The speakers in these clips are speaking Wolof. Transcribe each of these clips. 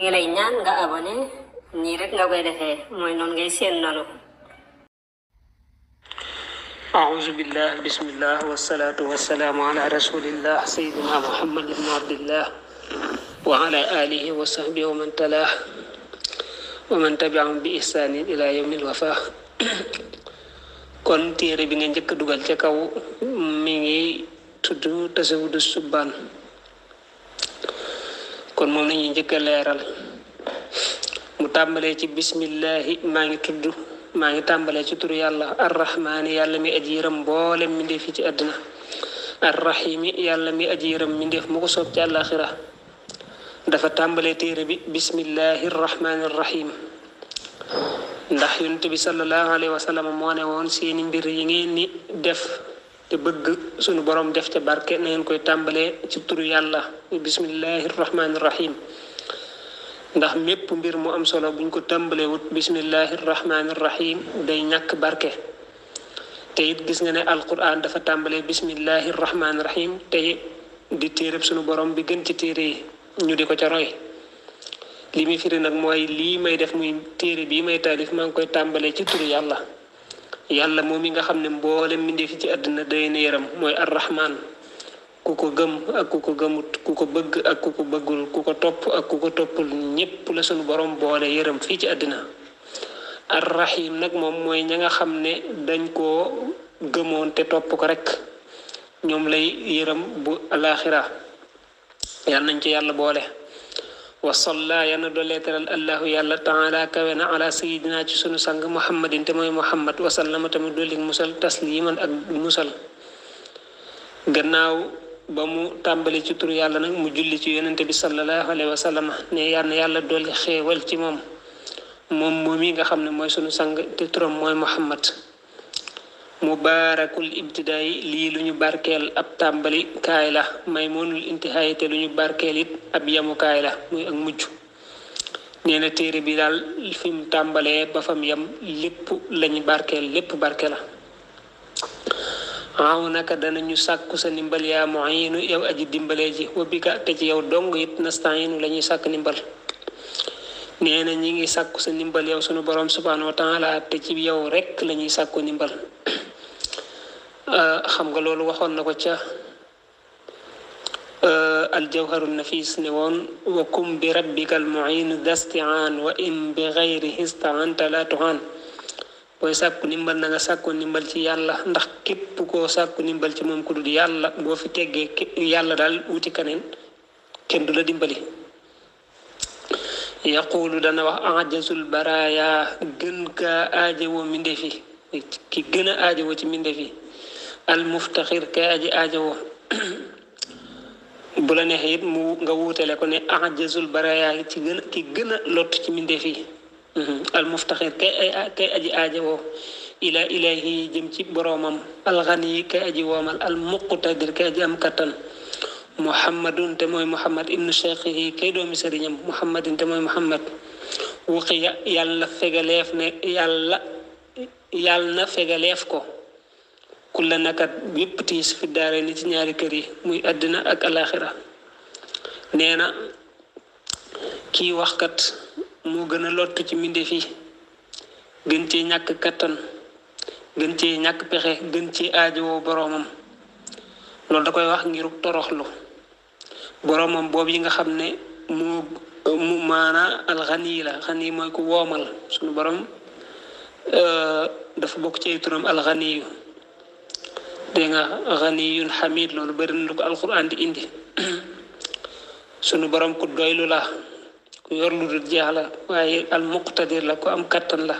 ñu ngi lay ñaan nga abonné nii rek nga koy defee mooy noonu ngay seen noonu أعوذ بالله بسم الله والصلاة والسلام على رسول الله سيدنا محمد بن عبد الله وعلى آله وصحبه ومن تلاه ومن تبعهم بإحسان إلى يوم الوفاة kon téere bi nga njëkk dugal ca kaw mi ngi tudd tasawudu subbaan kon mom la jëkke leral mu tambalé ci bismillah ma ngi tuddu ma ngi tambalé ci turu ar arrahmaani yalla mi ajiram bolem mi def yi ci àddina arrahimi yalla mi ajiram mi def mu sopp ci àllaaxira dafa tambalé téré bi bismillahir rahmanir rahim ndax yunus bi sallallahu alaihi wa mo ne mbir yi ngeen ni def te bëgg suñu borom def te barke na ngeen koy tàmbalee ci turu yàlla bismillahi rahmaani rahim ndax mépp mbir mu am solo buñ ko tàmbalee wut bismillahi rahmaani rahim day ñàkk barke te it gis nga ne alquran dafa tàmbalee bismillahi rahmaani rahim te di téereb suñu borom bi gën ci téere yi ñu di ko ca roy li firi nag mooy lii may def muy téere bii may taalif maa ngi koy tàmbalee ci turu yàlla yalla momi nga xamne ne mboolem mbindeef ci aduna day na yaram moy arrahman kuko gem ak kuko gemut kuko beug ak kuko beugul kuko top ak kuko topul ñepp la sunu borom boole yaram fi ci aduna arrahim nak mom moy ña nga dañ ko gemonté top ko rek ñom lay yaram bu alakhirah nañ ci yalla boole wa salla yal na doolee teral allahu yàlla taala kawe na ala sayidina ci sunu sang muhammadin te mooy muhammad wasallama tamit doolig musal tasliman ak musal gannaaw ba mu tàmbali ci tur yàlla nag mu julli ci yonente bi sallallahu alayhi wa sallama ne yàlla dooli xéewal ci moom moom moom yi nga xam ne mooy sunu sang te turam mooy muhammad mubaarakul ibtidaay lii lu ñu barkeel ab tàmbali kaay la maymunul intihaay te lu ñu barkeel it ab yamukaay kaay la muy ak mujj nee téere bi daal fi mu tàmbalee ba fam yam lépp lañu barkeel lépp barke la aw naka ñu sàkku sa ndimbal yaa mu'inu yow aji dimbale ji wa bika te ci yow dong it na la lañuy sàkk ndimbal nee na ñi ngi sàkku sa ndimbal yow sunu borom subhanahu wa taala te ci yow rekk lañuy ñuy sàkku ndimbal xam nga loolu waxoon na ko ca الجوهر النفيس نيون وكم بربك المعين ذا استعان وإن بغيره استعنت لا تعان booy sàkku ndimbal na nga sàkkoo ndimbal ci yàlla ndax képp koo sàkku ndimbal ci moom ku dul yàlla boo fi teggee yàlla daal wuti kaneen kenn du la dimbali yaqulu dana wax ajasul baraaya gën kaa aajowoo mbindeef yi ki gën a aajowoo ci mbindeef yi almuftaxir kay aji aajowoo bu la neexee it mu nga wuutale ko ne ajazul barayaa ci gën a ki gën a lott ci mbindeef yi almuftaxir kay kay aji aajowoo ila ilahi jëm ci boroomam alxani kay aji woomal almuqtadir kay aji am kattan muhammadun te mooy muhammad ibnu cheikhihi kay doomi sëriñam muhammadin te mooy muhammad wuqiya yàlla fegaleef ne yàlla yàlla na fegaleef ko kulla nakat yépp tiis ni ci ñaari kër yi muy àddina ak alaxira nee na wax kat moo gën a lottu ci mbindeef yi gën ci ñàkk kattan gën ci ñàkk pexe gën cee aajowoo boroomam loolu da koy wax ngiruk toroxlu boroomam boobu yi nga xam ne moo mu maanaa alxani la xani mooy ku woomal sunu borom euh, dafa bokk ci ay turam alxani denga ghaniyun hamid lolu loolu na lu ko alquran di indi sunu borom ku doylu la ku yor lu dul jeex waye al muqtadir la ku am katan la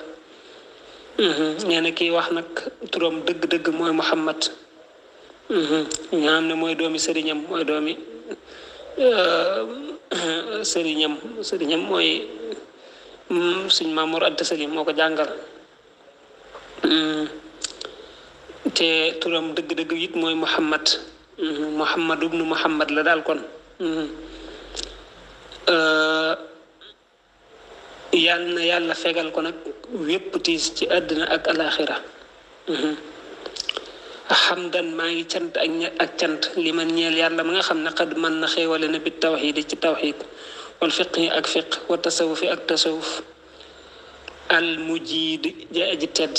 mhm, nee na wax nak turam deug deug moy muhammad mhm, nga xam ne moy doomi sëriñam moy doomi eh, serignam moy mooy mm, suñ Mamour ad salim moko jangal mm. te turam deug deug yit moy muhammad muhammad ibn muhammad la dal kon euh na yàlla fegal ko nak wépp tiis ci aduna ak alaxira hamdan ma ngi cant ak ak cant li man ñeel yàlla ma nga xam ne xad man na xewale na bi tawhid ci tawhid wal fiq ak fiqh wa tasawuf ak tasawuf al mujid ja aji tedd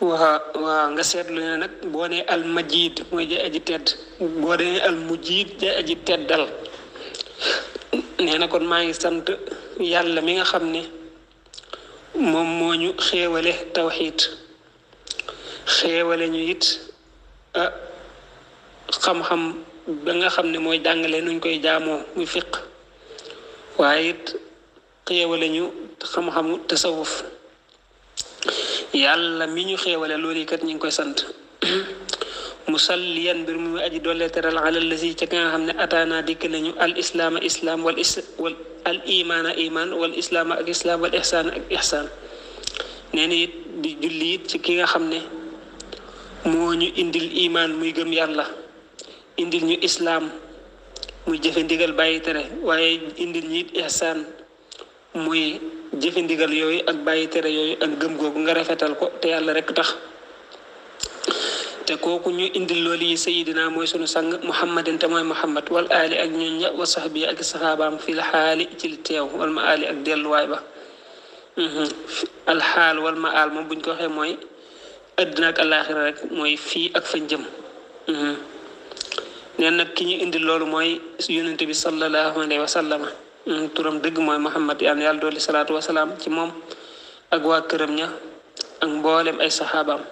waa waa nga seetlu ne nag boo nee al majid mooy ja aji tedd boo nee al mujid ja aji teddal nee na kon maa ngi sant yàlla mi nga xam ne moom moo ñu xéewale tawxiid xéewale ñu it xam-xam ba nga xam ne mooy jàngale nuñ koy jaamoo muy fiq waaye it xéewale ñu xam-xamu tasawuf yàlla mi ñu xéewale loolu kat ñu ngi koy sant musalliyan mbir mu aji doole teral alal lasi ca ka nga xam ne ataana dikk nañu al islaama islaam wal is wal al imaana imaan ak islaam wal ihsaan ak ihsaan nee na it di julli it ci ki nga xam ne moo ñu indil imaan muy gëm yàlla indil ñu islaam muy jëfe ndigal bàyyi tere waaye indil ñu it muy jëfe ndigal yooyu ak bàyyi tere yoy ak gëm gog nga rafetal ko te yàlla rek tax te koku ñu indi loolu yi sayidina mooy sunu sang muhammadin te moy muhammad wal ali ak ñun ña wa sahbi ak sahabaam fi al hal ci li tew wal ma ali ak delu way ba al hal wal ma al mo buñ ko waxé moy adna ak al alaaxira rek moy fi ak fañ jëm neen nag ki ñu indil loolu mooy yonente bi sallallahu alayhi wa sallama Mm, turam dëgg mooy Muhammad yàlla yàlla dolli salaatu wasalaam ci moom ak waa këram ña ak mboolem ay saxaabaam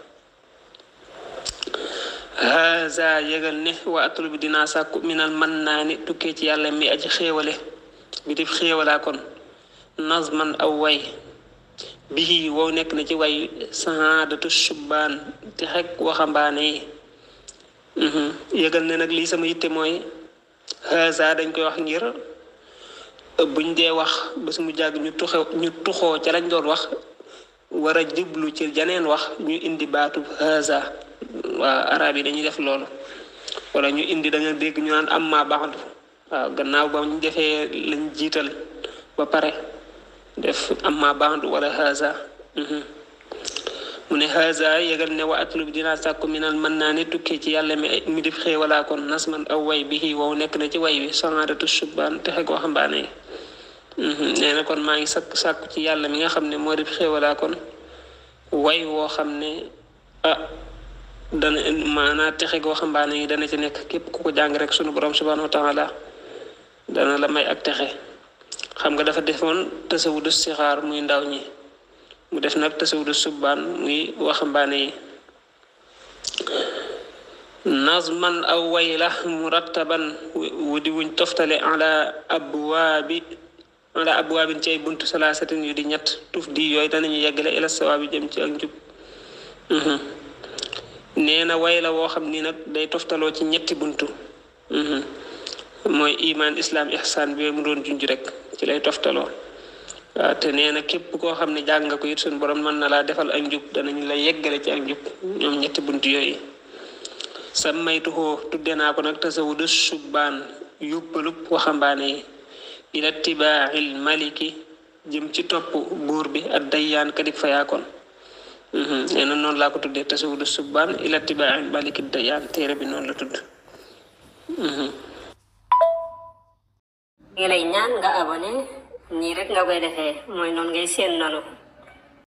haza yëgal ne wa atul bi dinaa sàkku minal man naa ni tukkee ci yàlla mi aji xéewale bi def xéewalaa kon nazman aw way bihi wow nekk na ci way sahaadatu subbaan te xek waxambaane yi mm-hmm. yëgal ne nag lii sama yitte mooy haza dañ koy wax ngir buñ dee wax ba su mu jàgg ñu tuxoo ñu tuxoo ca lañ doon wax war a jiblu ci janeen wax ñu indi baatu haza waa arab yi dañuy def loolu wala ñu indi da nga dégg ñu naan amma ba'du waaw gannaaw ba ñu defee lañ jiital ba pare def amma ba'du wala haza mhm. mu ne haza yëgal ne wa atlub dinaa sàkku minal mën naa ne tukki ci yàlla mi mi def xéewalaa kon nasman aw way bihi wow nekk na ci way wi sonaadatu subbaan texe ko waxambaane yi nee na kon maa ngi sakk sàkku ci yàlla mi nga xam ne moo dib xéewalaa kon way woo xam ne ah dana maanaa texe goo xambaane yi dana ci nekk képp ku ko jàng rek sunu borom subhanahu wa taala dana la may ak texe xam nga dafa defoon tasawudu sixaar muy ndaw ñi mu def nag tasawudu subbaan muy waxambaane yi nazman aw way la murattaban wudi wuñ toftale ala abwaabi ala abwaabin ci ay buntu salaasatin yu di ñett tuf di yooyu danañu yeggale ila sawaabi jëm ci ak njub mhm. nee na way la woo xam ni nag day toftaloo ci ñetti buntu mhm. mooy imaan islaam ihsaan bi mu doon junj rek ci lay toftaloo waaw te nee na képp koo xam ne jàng ko it suñu borom mën na laa defal ak njub danañu lay yeggale ci ak njub ñoom ñetti bunt yooyu sa maytuxoo tudde naa ko nag tasawudu subbaan yóbbalub waxambaane yi ila tibaaxil maliki jëm ci topp buur bi ak dayyaan kadik fayaakoon mhm. noonu laa ko tuddee tasawudu ila tibaaxil maliki dayyaan téere bi noonu la tudd mhm. ngi lay ñaan nga abonné nii rek nga koy defee mooy noonu ngay seen noonu